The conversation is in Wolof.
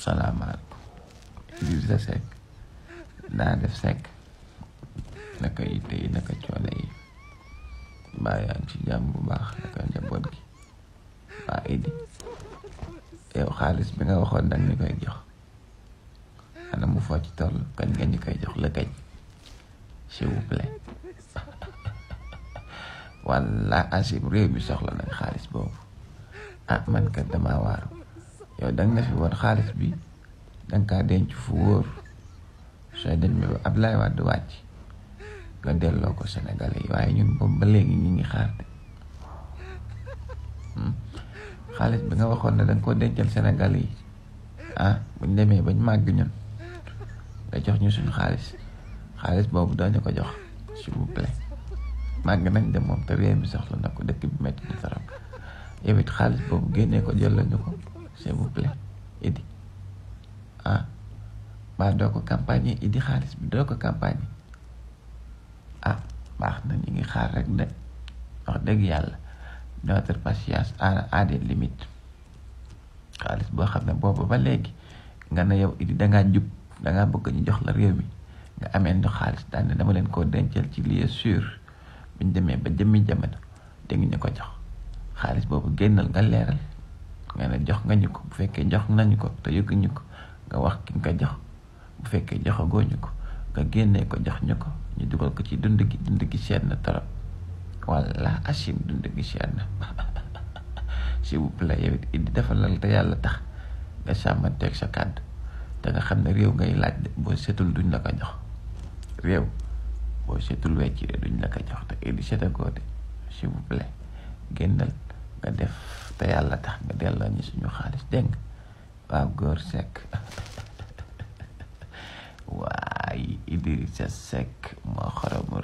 salaamaaleykum Idrissa daa def Seck naka yitte yi naka coole yi mbaa ci jàmm bu baax naka njaboot gi waa Idi yow xaalis bi nga waxoon dang ñu koy jox ana mu foo ci toll kañ nga ñu koy jox la kañ s'il vous walla asib réew bi soxla nañ xaalis boobu ah man kat damaa waaru yow dang na fi woon xaalis bi dang kaa denc fu wóor sooy dem ba Ablaye Wade wàcc nga delloo ko Sénégalais yi waaye ñun boobu ba léegi ñu ngi xaar de xaalis hmm? bi nga waxoon ne danga koo dencal Sénégalais yi ah buñ demee bañ màgg ñun nga jox ñu suñu xaalis xaalis boobu doo ñu ko jox s'il vous plaît màgg nañ de moom te réew mi soxla na ko dëkk bi metti na trop yow it xaalis boobu ko jëlal ñu ko s'il vous plaît idi ah mbaa doo ko campagne idi xaalis bi ko campagne ah baax na ngi xaar rek de wax dëgg yàlla notre patience a a des limites xaalis boo xam ne boobu ba léegi nga ne yow idi dangaa jub dangaa bëgg ñu jox la réew mi nga amee ñu xaalis daan ne dama leen koo dencal ci lieu sûr buñ demee ba jëmmi jamono dégg ñu ko jox xaalis boobu génnal nga leeral nga ne jox nga ñu ko bu fekkee jox nañu ko te yëg ñu ko nga wax ki nga jox bu fekkee joxagoo ñu ko nga génnee ko jox ñu ko ñu dugal ko ci dund gi dund gi seet na torop wala asim dund gi seet na s'il vous plaît yow it indi defalal te yàlla tax nga sàmmanteeg sa kàddu te nga xam ne réew ngay laaj de boo setul duñ la ko jox réew boo setul wecc duñ la ko jox te indi seetagoo de s'il vous plaît génnal nga def te yàlla tax nga delloo ñu suñu xaalis dégg nga waaw góor Seck waay Idrissa Seck moo xoromu